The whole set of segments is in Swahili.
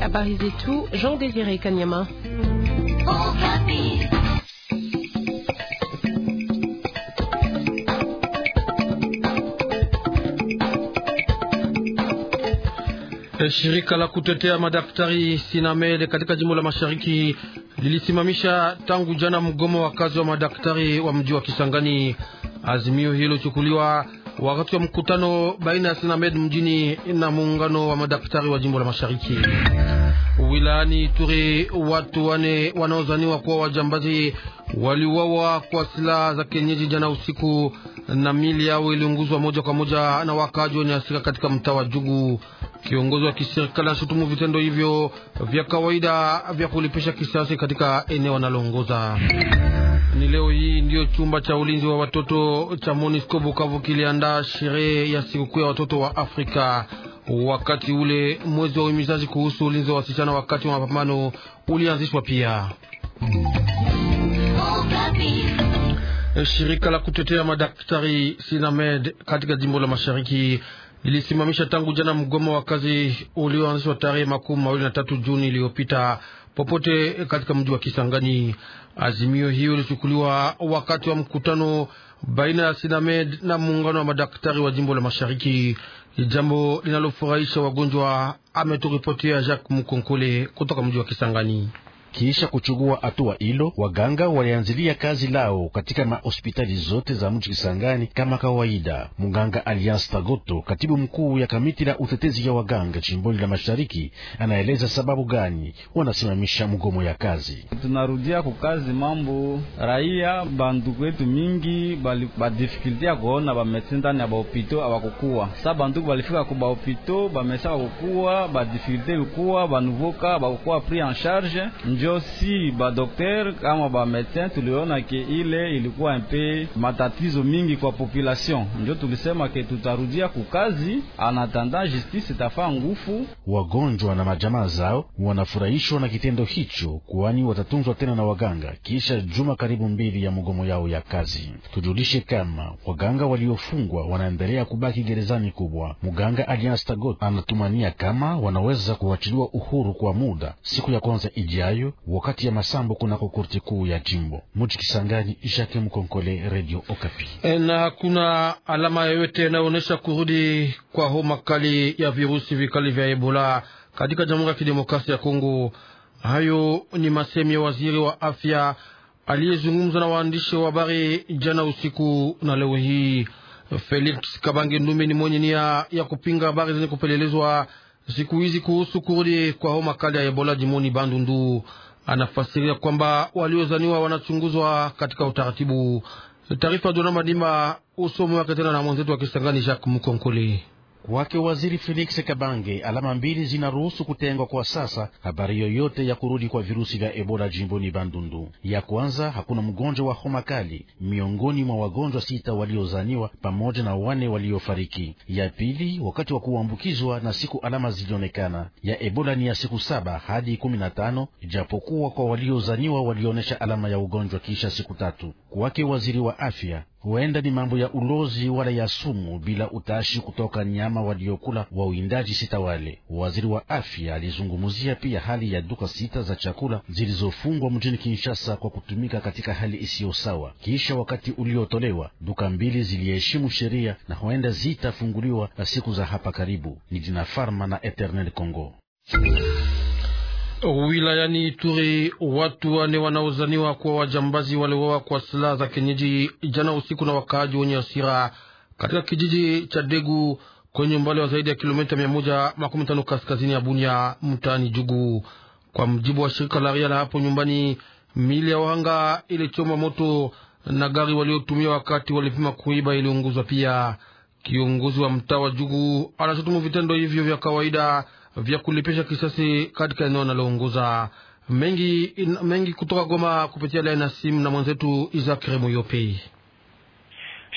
Habari zetu Jean Désiré Kanyama. E, shirika la kutetea madaktari sinamele katika jimbo la Mashariki lilisimamisha tangu jana mgomo wa kazi wa madaktari wa mji wa Kisangani. Azimio hilo chukuliwa wakati wa mkutano baina ya Sinamed mjini na muungano wa madaktari wa jimbo la mashariki wilayani Turi. Watu wane wanaozaniwa kuwa wajambazi waliuawa kwa silaha za kienyeji jana usiku, na mili yao iliunguzwa moja kwa moja na wakaaji wenye asira katika mtaa wa Jugu. Kiongozi wa kiserikali anashutumu vitendo hivyo vya kawaida vya kulipisha kisasi katika eneo analongoza. Ni leo hii ndiyo chumba cha ulinzi wa watoto cha Monisco Bukavu kiliandaa sherehe ya sikukuu ya watoto wa Afrika. Wakati ule mwezi wa uhimizaji kuhusu ulinzi wa wasichana wakati wa mapambano ulianzishwa pia. Shirika la kutetea madaktari Sinamed katika jimbo la Mashariki ilisimamisha tangu jana mgomo wa kazi ulioanzishwa tarehe makumi mawili na tatu Juni iliyopita popote katika mji wa Kisangani. Azimio hiyo ilichukuliwa wakati wa mkutano baina ya Sinamed na muungano wa madaktari wa jimbo la Mashariki, jambo linalofurahisha wagonjwa, ameturipotia Jacques Mukonkole kutoka mji wa Kisangani. Kisha kuchugua hatua hilo, waganga walianzilia kazi lao katika mahospitali zote za mji Kisangani kama kawaida. Mganga Alias Tagoto, katibu mkuu ya kamiti la utetezi ya waganga chimboni la mashariki, anaeleza sababu gani wanasimamisha mgomo ya kazi. Tunarudia kukazi mambo raia banduku wetu mingi badifikilti ya kuona bamedsi ndani ya bahopito abakukuwa sa banduku balifika ku bahopito bamesa bakukuwa badifikulte ilikuwa banuvoka bakukuwa pris en charge njo si badokter kama bamedecin tuliona ke ile ilikuwa mpe matatizo mingi kwa population, njo tulisema ke tutarudia kukazi anatanda justice itafaa ngufu. Wagonjwa na majamaa zao wanafurahishwa na kitendo hicho, kwani watatunzwa tena na waganga kisha juma karibu mbili ya mgomo yao ya kazi. Tujulishe kama waganga waliofungwa wanaendelea kubaki gerezani kubwa. muganga Alias anatumania kama wanaweza kuachiliwa uhuru kwa muda siku ya kwanza ijayo Bukavu wakati ya masambo kunako korti kuu ya jimbo muji Kisangani. Jacques Mkonkole, Radio Okapi. E, na hakuna alama yoyote inayoonyesha kurudi kwa homa kali ya virusi vikali vya Ebola katika Jamhuri ya Kidemokrasia ya Kongo. Hayo ni masemi ya waziri wa afya aliyezungumza na waandishi wa habari jana usiku na leo hii. Felix Kabange Ndume ni mwenye nia ya kupinga habari zenye kupelelezwa siku hizi kuhusu kurudi kwa homa kali ya Ebola jimoni Bandundu. Anafasiria kwamba waliozaniwa wanachunguzwa katika utaratibu. Taarifa Dona Madimba, usomo wake tena na mwenzetu wa Kisangani Jacques Mukonkole. Kwake waziri Felix Kabange, alama mbili zinaruhusu kutengwa kwa sasa habari yoyote ya kurudi kwa virusi vya Ebola jimboni Bandundu. Ya kwanza, hakuna mgonjwa wa homa kali miongoni mwa wagonjwa sita waliozaniwa pamoja na wane waliofariki. Ya pili, wakati wa kuambukizwa na siku alama zilionekana ya Ebola ni ya siku saba hadi kumi na tano japokuwa kwa waliozaniwa walionyesha alama ya ugonjwa kisha siku tatu. Kwake waziri wa afya huenda ni mambo ya ulozi wala ya sumu bila utashi kutoka nyama waliokula wa uindaji sita wale. Waziri wa afya alizungumzia pia hali ya duka sita za chakula zilizofungwa mjini Kinshasa kwa kutumika katika hali isiyo sawa. Kisha wakati uliotolewa, duka mbili ziliheshimu sheria na huenda zitafunguliwa na siku za hapa karibu, ni Dina Farma na Eternel Congo. Wilayani Ituri watu wane wanaozaniwa kuwa wajambazi waliwawa kwa silaha za kienyeji jana usiku na wakaaji wenye hasira katika kijiji cha Degu kwenye umbali wa zaidi ya kilomita mia moja makumi tano kaskazini ya Bunya mtaani Jugu. Kwa mjibu wa shirika la ria la hapo nyumbani, mili ya wahanga ilichoma moto na gari waliotumia wakati walipima kuiba iliunguzwa pia. Kiongozi wa mtaa wa Jugu anashutumu vitendo hivyo vya kawaida vya kulipisha kisasi katika eneo analoongoza mengi, mengi kutoka Goma kupitia laini ya simu na mwenzetu Isaac Remoyope.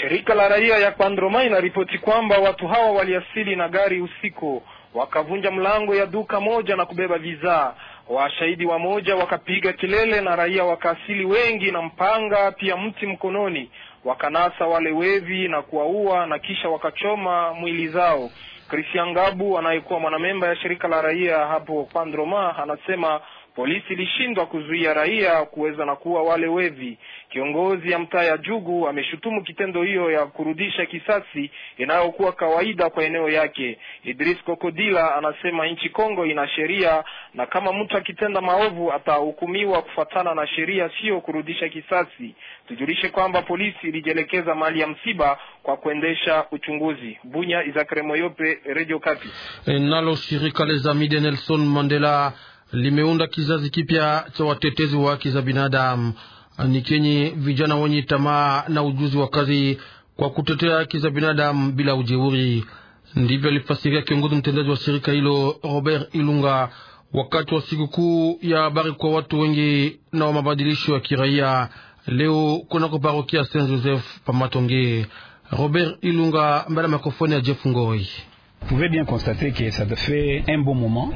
Shirika la raia ya Kwandroma inaripoti kwamba watu hawa waliasili na gari usiku, wakavunja mlango ya duka moja na kubeba bidhaa. Washahidi wamoja wakapiga kelele na raia wakaasili wengi na mpanga pia mti mkononi, wakanasa wale wevi na kuwaua na kisha wakachoma mwili zao. Christian Ngabu anayekuwa mwanamemba ya shirika la raia hapo Pandroma anasema Polisi ilishindwa kuzuia raia kuweza na kuwa wale wevi. Kiongozi ya mtaa ya Jugu ameshutumu kitendo hiyo ya kurudisha kisasi inayokuwa kawaida kwa eneo yake. Idris Kokodila anasema nchi Kongo ina sheria na kama mtu akitenda maovu atahukumiwa kufuatana na sheria, sio kurudisha kisasi. Tujulishe kwamba polisi ilijielekeza mali ya msiba kwa kuendesha uchunguzi. Bunya Izakremoyope, Radio Kati. E, nalo shirika Nelson Mandela limeunda kizazi kipya cha watetezi wa haki za binadamu, ni kenye vijana wenye tamaa na ujuzi wa kazi kwa kutetea haki za binadamu bila ujeuri. Ndivyo alifasiria kiongozi mtendaji wa shirika hilo Robert Ilunga wakati wa sikukuu ya habari kwa watu wengi na wa mabadilisho ya kiraia leo kunako parokia Saint Joseph Pamatonge. Robert Ilunga mbele ya mikrofoni ya Jeff Ngoi.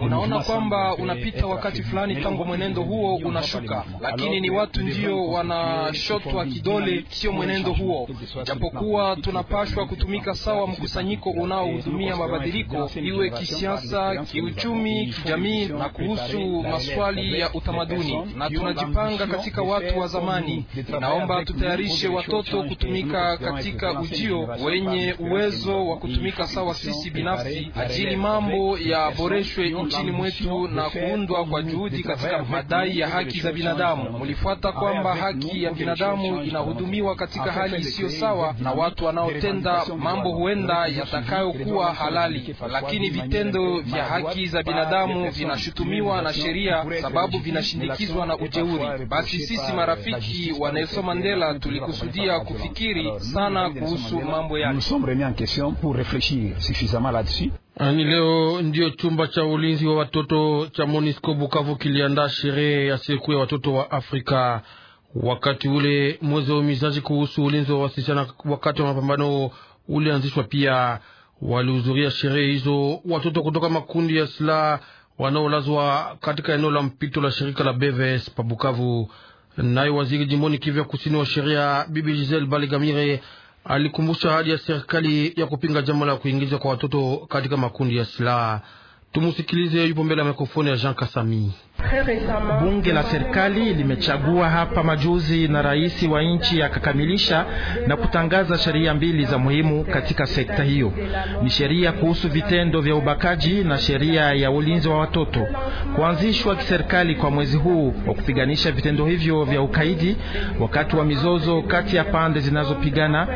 Unaona kwamba unapita wakati fulani tangu mwenendo huo unashuka, lakini ni watu ndio wanashotwa kidole, sio mwenendo huo. Japokuwa tunapashwa kutumika sawa, mkusanyiko unaohudumia mabadiliko, iwe kisiasa, kiuchumi, kijamii na kuhusu maswali ya utamaduni, na tunajipanga katika watu wa zamani. Naomba tutayarishe watoto kutumika katika ujio wenye uwezo wa kutumika sawa sisi binafsi binafsi ajili mambo yaboreshwe nchini mwetu na kuundwa kwa juhudi katika madai ya haki za binadamu. Mulifuata kwamba haki ya binadamu inahudumiwa katika hali isiyo sawa, na watu wanaotenda mambo huenda yatakayokuwa halali, lakini vitendo vya haki za binadamu vinashutumiwa na sheria sababu vinashindikizwa na ujeuri. Basi sisi marafiki wa Nelson Mandela tulikusudia kufikiri sana kuhusu mambo yake. Matshi. Ani leo ndio chumba cha ulinzi wa watoto cha Monisco Bukavu kiliandaa sherehe ya siku ya watoto wa Afrika. Wakati ule mwezi wa umizaji kuhusu ulinzi wa wasichana wakati wa mapambano ulianzishwa pia. Walihudhuria sherehe hizo watoto kutoka makundi ya silaha wanaolazwa katika eneo la mpito la shirika la bvs pa Bukavu. Naye waziri jimboni Kivya Kusini wa sheria Bibi Giselle Baligamire alikumbusha hadi ya serikali ya kupinga jambo la kuingizwa kwa watoto katika makundi ya silaha. Tumusikilize, yupo mbele ya mikrofoni ya Jean Kasami. Bunge la serikali limechagua hapa majuzi na rais wa nchi akakamilisha na kutangaza sheria mbili za muhimu katika sekta hiyo. Ni sheria kuhusu vitendo vya ubakaji na sheria ya ulinzi wa watoto. Kuanzishwa kiserikali kwa mwezi huu wa kupiganisha vitendo hivyo vya ukaidi wakati wa mizozo kati ya pande zinazopigana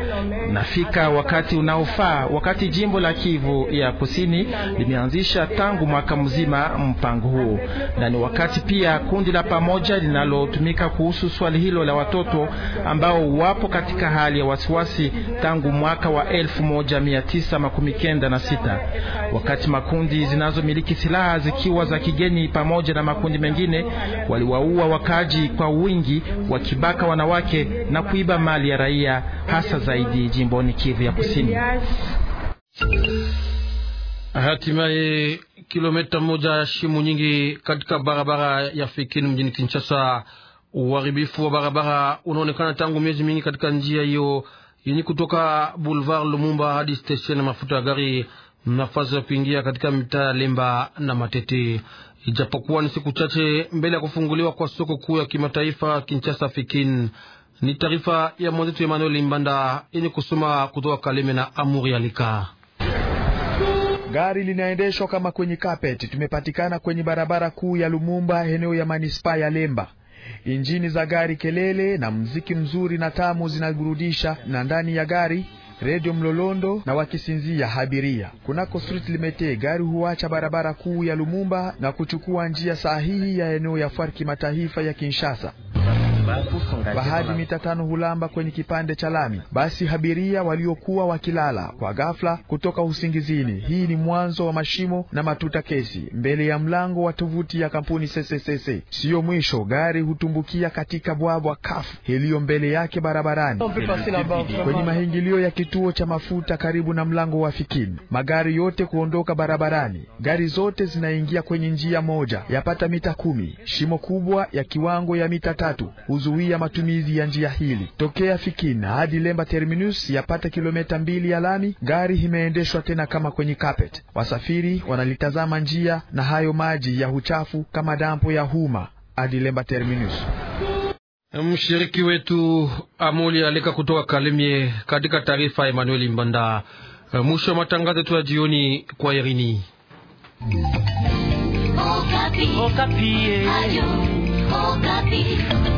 nafika wakati unaofaa, wakati jimbo la Kivu ya Kusini limeanzisha tangu mwaka mzima mpango huo, na ni wakati pia kundi la pamoja linalotumika kuhusu swali hilo la watoto ambao wapo katika hali ya wasiwasi tangu mwaka wa 1996 wakati makundi zinazomiliki silaha zikiwa za kigeni pamoja na makundi mengine waliwaua wakaji kwa wingi, wakibaka wanawake na kuiba mali ya raia, hasa zaidi jimboni Kivu ya Kusini. Hatimaye kilomita moja ya shimo nyingi katika barabara ya Fikin mjini Kinshasa. Uharibifu wa barabara unaonekana tangu miezi mingi katika njia hiyo yenye kutoka Boulevard Lumumba hadi stesheni mafuta ya gari, nafasi ya kuingia katika mitaa ya Lemba na Matete. Ijapokuwa ni siku chache mbele ya kufunguliwa kwa soko kuu ya kimataifa Kinshasa Fikin. Ni taarifa ya mwenzetu Emmanuel Imbanda yenye kusoma kutoka Kaleme na Amuri Alika. Gari linaendeshwa kama kwenye kapeti. Tumepatikana kwenye barabara kuu ya Lumumba, eneo ya manispaa ya Lemba. Injini za gari, kelele na mziki mzuri na tamu zinaburudisha, na ndani ya gari redio mlolondo na wakisinzia habiria. Kunako street limete, gari huacha barabara kuu ya Lumumba na kuchukua njia sahihi ya eneo ya fwari kimataifa ya Kinshasa bahadi mita tano hulamba kwenye kipande cha lami. Basi abiria waliokuwa wakilala kwa ghafla kutoka usingizini, hii ni mwanzo wa mashimo na matuta kesi mbele ya mlango wa tovuti ya kampuni CCCC. Siyo mwisho, gari hutumbukia katika bwabwa kafu iliyo mbele yake barabarani kwenye mahingilio ya kituo cha mafuta karibu na mlango wa fikin Magari yote kuondoka barabarani, gari zote zinaingia kwenye njia moja yapata mita kumi, shimo kubwa ya kiwango ya mita tatu kuzuia matumizi ya njia hili. Tokea Fikina hadi Lemba terminus yapata kilomita mbili ya lami, gari imeendeshwa tena kama kwenye carpet. Wasafiri wanalitazama njia na hayo maji ya uchafu kama dampo ya huma hadi Lemba terminus. Mshiriki wetu Amuli Aleka kutoka Kalemie katika taarifa ya Emmanuel Mbanda. Mwisho wa matangazo tu ya jioni kwa Irini. Okapi. Okapi. Eh. Ayu, Okapi.